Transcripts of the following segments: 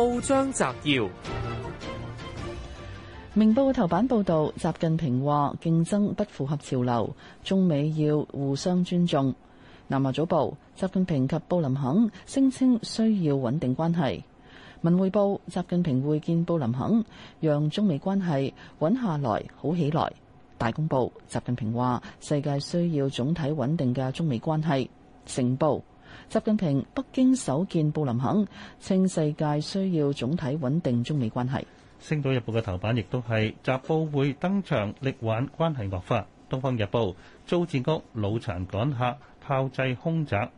報章摘要：明報頭版報道，習近平話競爭不符合潮流，中美要互相尊重。南華早報：習近平及布林肯聲稱需要穩定關係。文匯報：習近平會見布林肯，讓中美關係穩下來、好起來。大公報：習近平話世界需要總體穩定嘅中美關係。成報。習近平北京首見布林肯，稱世界需要總體穩定中美關係。星島日報嘅頭版亦都係習布會登場力挽關係惡化。東方日報租置屋老殘趕客炮製空宅。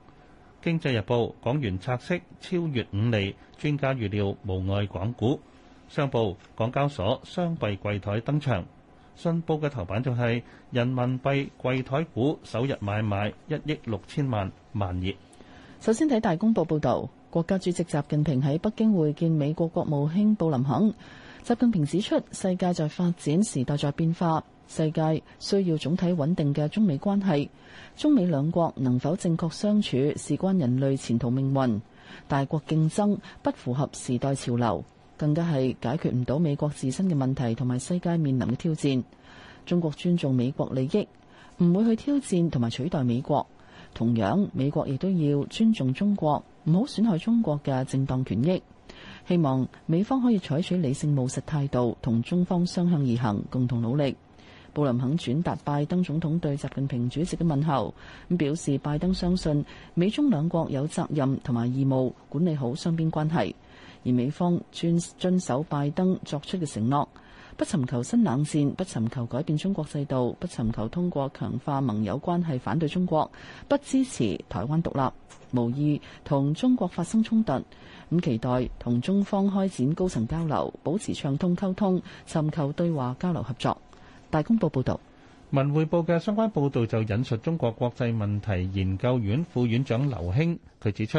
經濟日報港元拆息超越五厘，專家預料無礙港股。商報港交所雙幣櫃台登場。信報嘅頭版就係人民幣櫃台股首日買賣一億六千萬萬二。首先睇大公報報道，國家主席習近平喺北京會見美國國務卿布林肯。習近平指出，世界在發展，時代在變化，世界需要總體穩定嘅中美關係。中美兩國能否正確相處，事關人類前途命運。大國競爭不符合時代潮流，更加係解決唔到美國自身嘅問題同埋世界面臨嘅挑戰。中國尊重美國利益，唔會去挑戰同埋取代美國。同樣，美國亦都要尊重中國，唔好損害中國嘅正當權益。希望美方可以採取理性務實態度，同中方相向而行，共同努力。布林肯轉達拜登總統對習近平主席嘅問候，咁，表示拜登相信美中兩國有責任同埋義務管理好雙邊關係，而美方遵遵守拜登作出嘅承諾。不尋求新冷戰，不尋求改變中國制度，不尋求通過強化盟友關係反對中國，不支持台灣獨立，無意同中國發生衝突。咁期待同中方開展高層交流，保持暢通溝通，尋求對話交流合作。大公報報導，文匯報嘅相關報導就引述中國國際問題研究院副院長劉興，佢指出。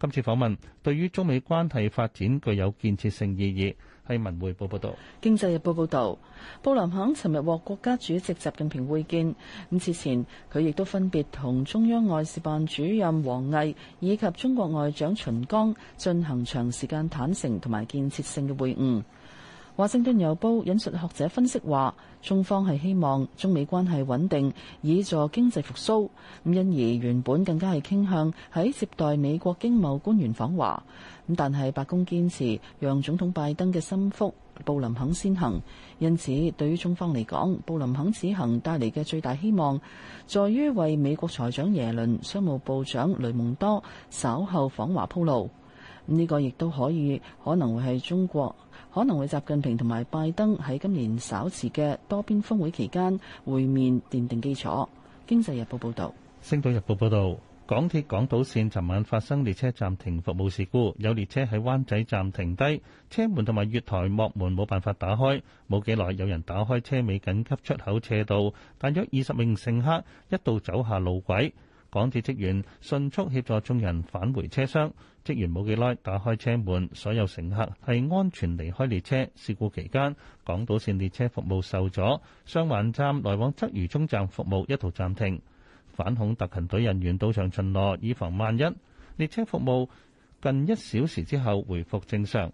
今次訪問對於中美關係發展具有建設性意義，係文匯報報道：經濟日報報道，布林肯尋日獲國家主席習近平會見，此前，佢亦都分別同中央外事辦主任王毅以及中國外長秦剛進行長時間坦誠同埋建設性嘅會晤。華盛頓郵報引述學者分析話，中方係希望中美關係穩定，以助經濟復蘇。咁因而原本更加係傾向喺接待美國經貿官員訪華。咁但係白宮堅持讓總統拜登嘅心腹布林肯先行。因此對於中方嚟講，布林肯此行帶嚟嘅最大希望，在於為美國財長耶倫、商務部長雷蒙多稍後訪華鋪路。呢個亦都可以可能會係中國，可能會習近平同埋拜登喺今年稍遲嘅多邊峰會期間會面奠定基礎。經濟日報報道。星島日報報道，港鐵港島線尋晚發生列車暫停服務事故，有列車喺灣仔站停低，車門同埋月台幕門冇辦法打開，冇幾耐有人打開車尾緊急出口斜道，大約二十名乘客一度走下路軌。港鐵職員迅速協助眾人返回車廂，職員冇幾耐打開車門，所有乘客係安全離開列車。事故期間，港島線列車服務受阻，上環站來往鰂魚涌站服務一度暫停。反恐特勤隊人員到場巡邏，以防萬一。列車服務近一小時之後恢復正常。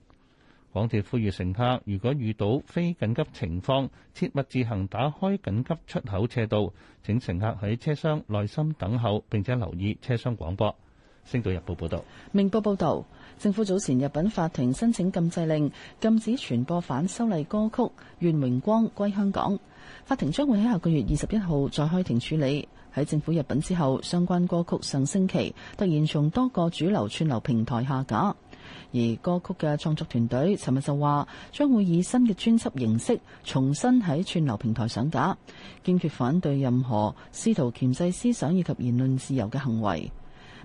港鐵呼籲乘客，如果遇到非緊急情況，切勿自行打開緊急出口斜道。請乘客喺車廂內耐心等候，並且留意車廂廣播。星島日報報道：「明報報道，政府早前入禀法庭申請禁制令，禁止傳播反修例歌曲《願榮光歸香港》。法庭將會喺下個月二十一號再開庭處理。喺政府入禀之後，相關歌曲上星期突然從多個主流串流平台下架。而歌曲嘅創作團隊尋日就話，將會以新嘅專輯形式重新喺串流平台上架，堅決反對任何試圖鉗制思想以及言論自由嘅行為。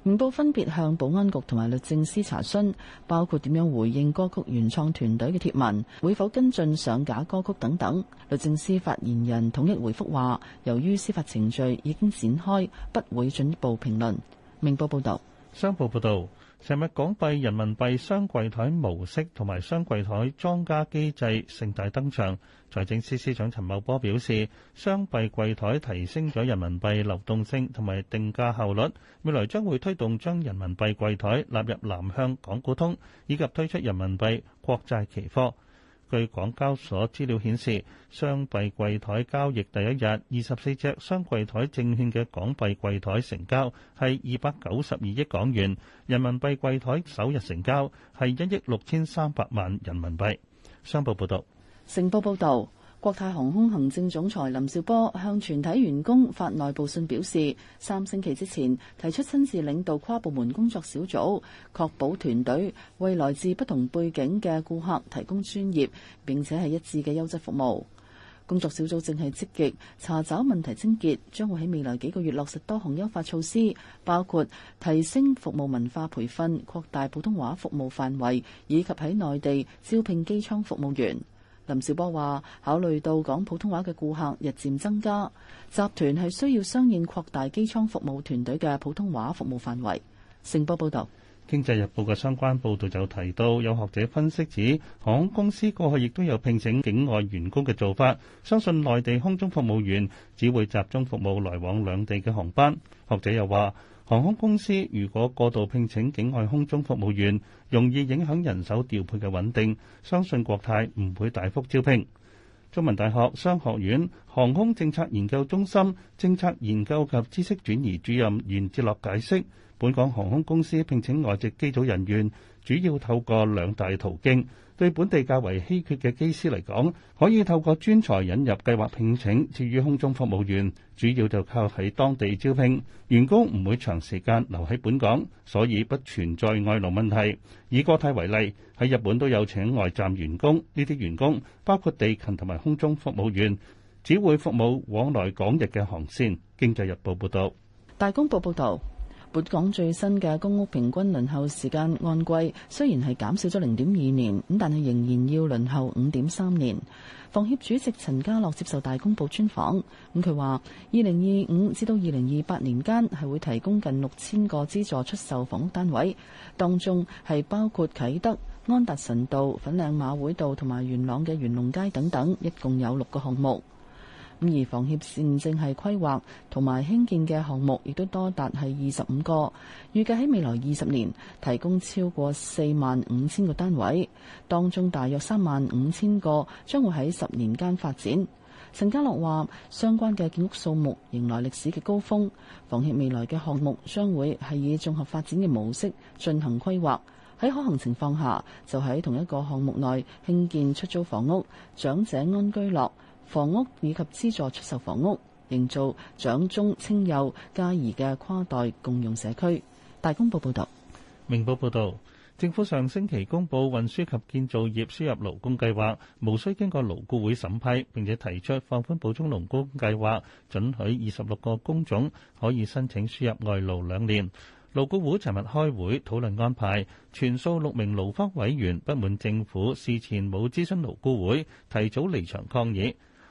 明報分別向保安局同埋律政司查詢，包括點樣回應歌曲原創團隊嘅貼文，會否跟進上架歌曲等等。律政司發言人統一回覆話由於司法程序已經展開，不會進一步評論。明報報道，商報報道。成日港幣、人民幣雙櫃台模式同埋雙櫃台莊家機制盛大登場。財政司司長陳茂波表示，雙幣櫃台提升咗人民幣流動性同埋定價效率，未來將會推動將人民幣櫃台納入南向港股通，以及推出人民幣國債期貨。據港交所資料顯示，雙幣櫃台交易第一日，二十四隻雙櫃台證券嘅港幣櫃台成交係二百九十二億港元，人民幣櫃台首日成交係一億六千三百萬人民幣。商報報道，成報報道。國泰航空行政總裁林紹波向全體員工發內部信表示，三星期之前提出親自領導跨部門工作小組，確保團隊為來自不同背景嘅顧客提供專業並且係一致嘅優質服務。工作小組正係積極查找問題癥結，將會喺未來幾個月落實多項優化措施，包括提升服務文化培訓、擴大普通話服務範圍，以及喺內地招聘機艙服務員。林紹波話：考慮到講普通話嘅顧客日漸增加，集團係需要相應擴大機艙服務團隊嘅普通話服務範圍。成報報導，《經濟日報》嘅相關報導就提到，有學者分析指，航空公司過去亦都有聘請境外員工嘅做法，相信內地空中服務員只會集中服務來往兩地嘅航班。學者又話。航空公司如果過度聘請境外空中服務員，容易影響人手調配嘅穩定，相信國泰唔會大幅招聘。中文大學商學院航空政策研究中心政策研究及知識轉移主任袁哲樂解釋，本港航空公司聘請外籍機組人員，主要透過兩大途徑。對本地較為稀缺嘅機師嚟講，可以透過專才引入計劃聘請，至於空中服務員，主要就靠喺當地招聘。員工唔會長時間留喺本港，所以不存在外勞問題。以國泰為例，喺日本都有請外站員工。呢啲員工包括地勤同埋空中服務員，只會服務往來港日嘅航線。經濟日報報道。大公報報道。本港最新嘅公屋平均輪候時間按季雖然係減少咗零點二年，咁但係仍然要輪候五點三年。房協主席陳家樂接受大公報專訪，咁佢話：二零二五至到二零二八年間係會提供近六千個資助出售房屋單位，當中係包括啟德、安達臣道、粉嶺馬會道同埋元朗嘅元龍街等等，一共有六個項目。咁而房協現正係規劃同埋興建嘅項目，亦都多達係二十五個，預計喺未來二十年提供超過四萬五千個單位，當中大約三萬五千個將會喺十年間發展。陳家樂話相關嘅建屋數目迎來歷史嘅高峰，房協未來嘅項目將會係以綜合發展嘅模式進行規劃，喺可行情況下就喺同一個項目內興建出租房屋、長者安居樂房屋以及資助出售房屋，營造長中青幼皆宜嘅跨代共用社區。大公報報道：明報報道，政府上星期公佈運輸及建造業輸入勞工計劃，無需經過勞顧會審批，並且提出放寬補充勞工計劃，准許二十六個工種可以申請輸入外勞兩年。勞顧會尋日開會討論安排，全數六名勞方委員不滿政府事前冇諮詢勞顧會，提早離場抗議。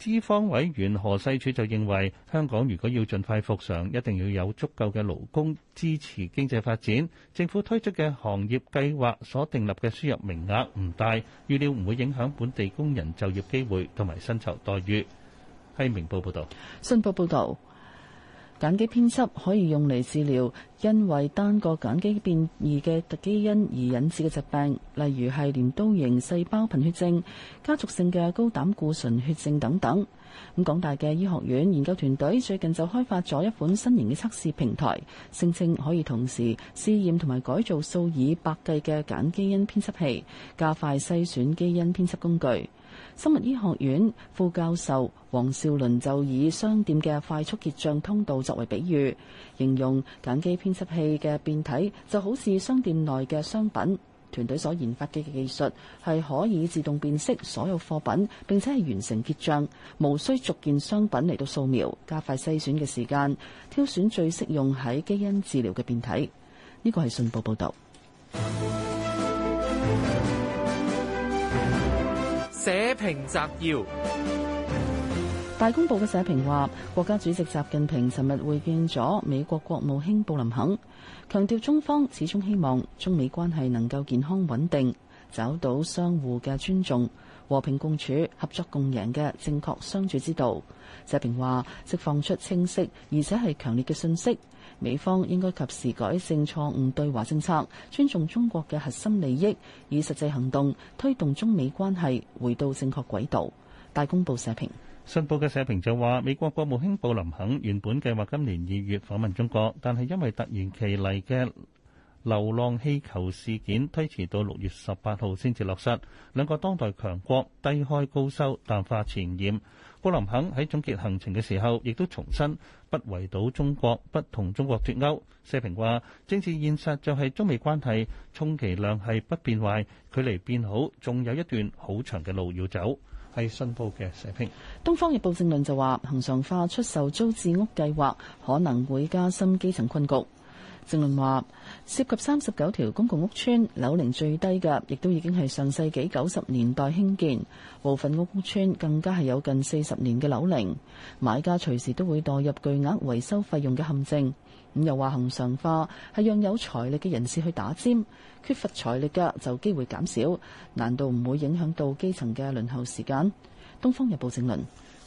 資方委員何世柱就認為，香港如果要盡快復常，一定要有足夠嘅勞工支持經濟發展。政府推出嘅行業計劃所訂立嘅輸入名額唔大，預料唔會影響本地工人就業機會同埋薪酬待遇。喺明報報道，新報報道。鹼基編輯可以用嚟治療因為單個鹼基變異嘅突基因而引致嘅疾病，例如係鐮刀型細胞貧血症、家族性嘅高膽固醇血症等等。咁港大嘅醫學院研究團隊最近就開發咗一款新型嘅測試平台，聲稱可以同時試驗同埋改造數以百計嘅鹼基因編輯器，加快篩選基因編輯工具。生物醫學院副教授黃少倫就以商店嘅快速結賬通道作為比喻，形容鹼基編輯器嘅變體就好似商店內嘅商品。團隊所研發嘅技術係可以自動辨識所有貨品，並且係完成結賬，無需逐件商品嚟到掃描，加快篩選嘅時間，挑選最適用喺基因治療嘅變體，呢個係信報報道。社評摘要：大公報嘅社評話，國家主席習近平尋日會見咗美國國務卿布林肯，強調中方始終希望中美關係能夠健康穩定，找到相互嘅尊重、和平共處、合作共贏嘅正確相處之道。社評話，釋放出清晰而且係強烈嘅信息。美方應該及時改正錯誤對華政策，尊重中國嘅核心利益，以實際行動推動中美關係回到正確軌道。大公報社評。信報嘅社評就話：美國國務卿布林肯原本計劃今年二月訪問中國，但係因為突如其來嘅流浪氣球事件，推遲到六月十八號先至落實。兩個當代強國低開高收，淡化前嫌。布林肯喺總結行程嘅時候，亦都重申不圍堵中國、不同中國脫鉤。社評話，政治現實就係中美關係充其量係不變壞，距離變好仲有一段好長嘅路要走。係信報嘅社評。《東方日報》政論就話，恒常化出售租置屋計劃可能會加深基層困局。正論話涉及三十九條公共屋邨樓齡最低嘅，亦都已經係上世紀九十年代興建，部分屋邨更加係有近四十年嘅樓齡，買家隨時都會墮入巨額維修費用嘅陷阱。咁又話恒常化係讓有財力嘅人士去打尖，缺乏財力嘅就機會減少，難道唔會影響到基層嘅輪候時間？《東方日報》正論，《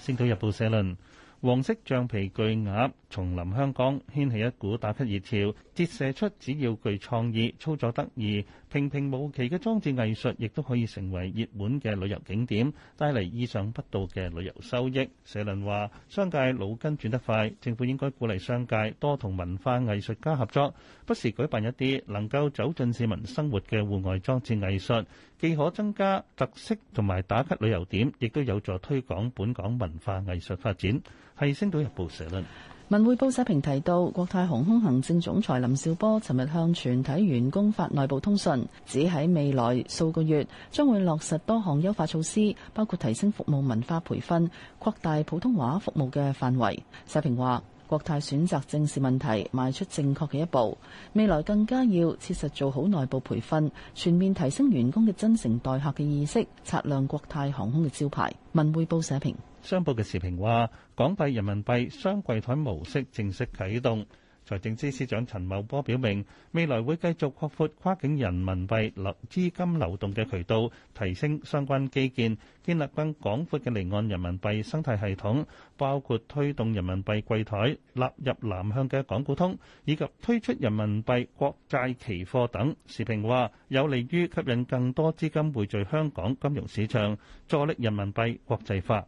星島日報》社論，黃色橡皮巨額重臨香港，掀起一股打卡熱潮，折射出只要具創意、操作得意、平平無奇嘅裝置藝術，亦都可以成為熱門嘅旅遊景點，帶嚟意想不到嘅旅遊收益。社論話：商界腦筋轉得快，政府應該鼓勵商界多同文化藝術家合作，不時舉辦一啲能夠走進市民生活嘅戶外裝置藝術，既可增加特色同埋打卡旅遊點，亦都有助推廣本港文化藝術發展。係《星島日報》社論。文匯報社評提到，國泰航空行政總裁林紹波尋日向全體員工發內部通訊，指喺未來數個月將會落實多項優化措施，包括提升服務文化培訓、擴大普通話服務嘅範圍。社評話：國泰選擇正視問題，邁出正確嘅一步，未來更加要切實做好內部培訓，全面提升員工嘅真誠待客嘅意識，擦亮國泰航空嘅招牌。文匯報社評。商報嘅時評話，港幣人民幣雙櫃台模式正式啟動。財政司司長陳茂波表明，未來會繼續擴闊跨境人民幣流資金流動嘅渠道，提升相關基建，建立更廣闊嘅離岸人民幣生態系統，包括推動人民幣櫃台納入南向嘅港股通，以及推出人民幣國債期貨等。時評話，有利於吸引更多資金匯聚香港金融市場，助力人民幣國際化。